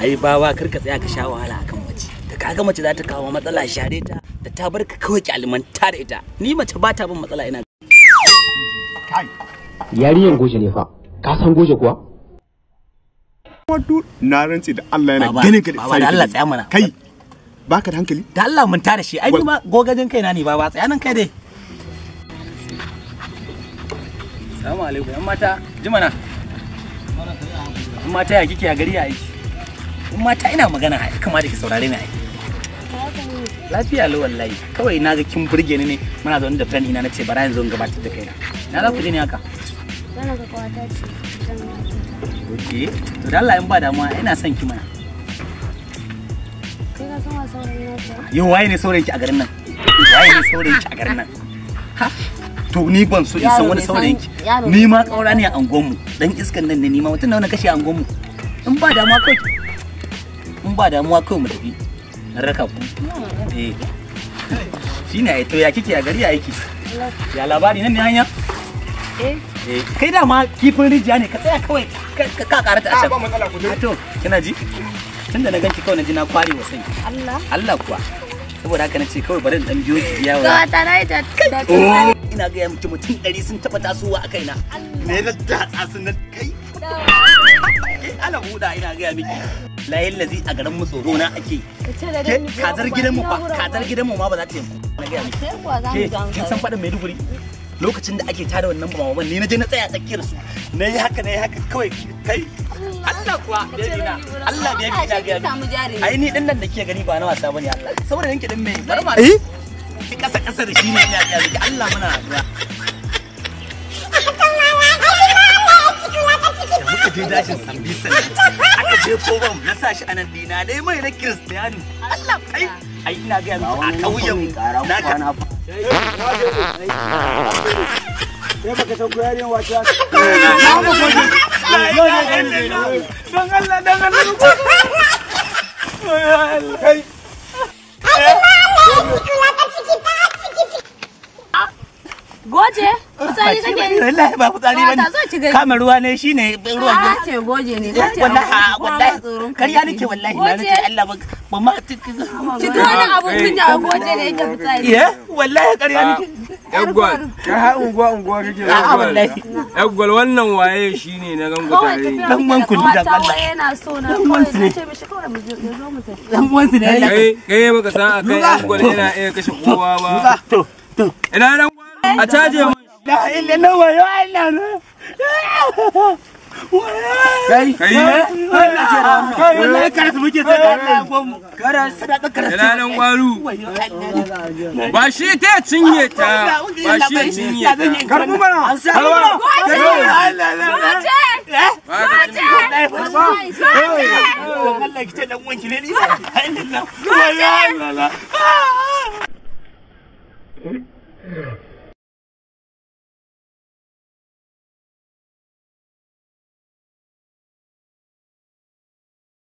ai bawa kar ka tsaya ka sha wahala akan mace da kaga mace za ta kawo matsala share ta da ta bar ka kawai ta da ita ni mace ba ta bin matsala ina kai yariyan goje ne fa ka san goje kuwa wato na rantsi da Allah yana ganin ka da Allah tsaya mana kai baka da hankali da Allah mun tare shi ai ma gogajin kaina ne baba tsaya nan kai dai Assalamu alaikum yan mata jimana yan mata ya kike a gari ya aiki mata ina magana ai kama da ki saurare ni ai lafiya lo wallahi kawai na ga kin burge ni ne muna zaune da friend ina nace bara yanzu in gabatar da kaina na za ku je ne haka okay to da Allah in ba damuwa ina son ki mana yau waye ne saurayin ki a garin nan waye ne saurayin ki a garin nan ha to ni ban so in san wani saurayin ki ni ma kaura ne a angon mu dan iskan nan ne ni ma mutum na wani kashe a angon mu in ba damuwa kawai in ba damuwa kawai mu tafi raka ku eh shine ai to ya kike a gari aiki ya labari nan ne hanya eh, eh kai da ma kifin rijiya ne ka tsaya kawai ka ka karata a can ah, ah, to kina ji tunda na ganki kawai na ji na kware wa sai Allah Allah kuwa saboda haka na ce kawai bari dan biyo ki biya wa ta na ita oh! ina ga mutum mutum ɗari sun taba tasowa a kaina me na da sun kai eh, ala huda ina ga miki layin lazi a garin mu tsoro na ake kazar gidan mu fa kazar gidan mu ma ba za ta ku na ga ke kin san fadin Maiduguri lokacin da ake tada wannan ba ni na je na tsaya tsakiyar su na yi haka na yi haka kawai kai Allah kuwa baby na Allah da na da ni ai ni din nan da ke gani ba na wasa bane Allah saboda yanke din mai bar ma eh? ki kasa kasa da shi ne ina ga Allah muna je dashin sambisa aka je bam na sa shi anan dina dai mai na kiristiyanu Allah kai ai ina ga yanzu a kauyen na ka na fa sai baka san wata na mu Allah Allah Goje? Fitsari kake yi? Wallahi ba fitsari ba ne. Kama ruwa ne shi ne ce goje ne. Wallahi wallahi karya nake wallahi na nake Allah ba ba ma a goje yake fitsari. wallahi karya ah, nake. ka ha unguwa unguwa kake wannan waye shi ne na gangu tare. Dan man kulli Allah. Yana so na ce mishi kawai mu mu tafi. Dan ne. Kai kai baka san akai yana iya kashe kowa ba. Ina a caje mun la illa na wayo Allah na kai kai kai ba shi ta cinye ta ba shi cinye ta karbu mana an sa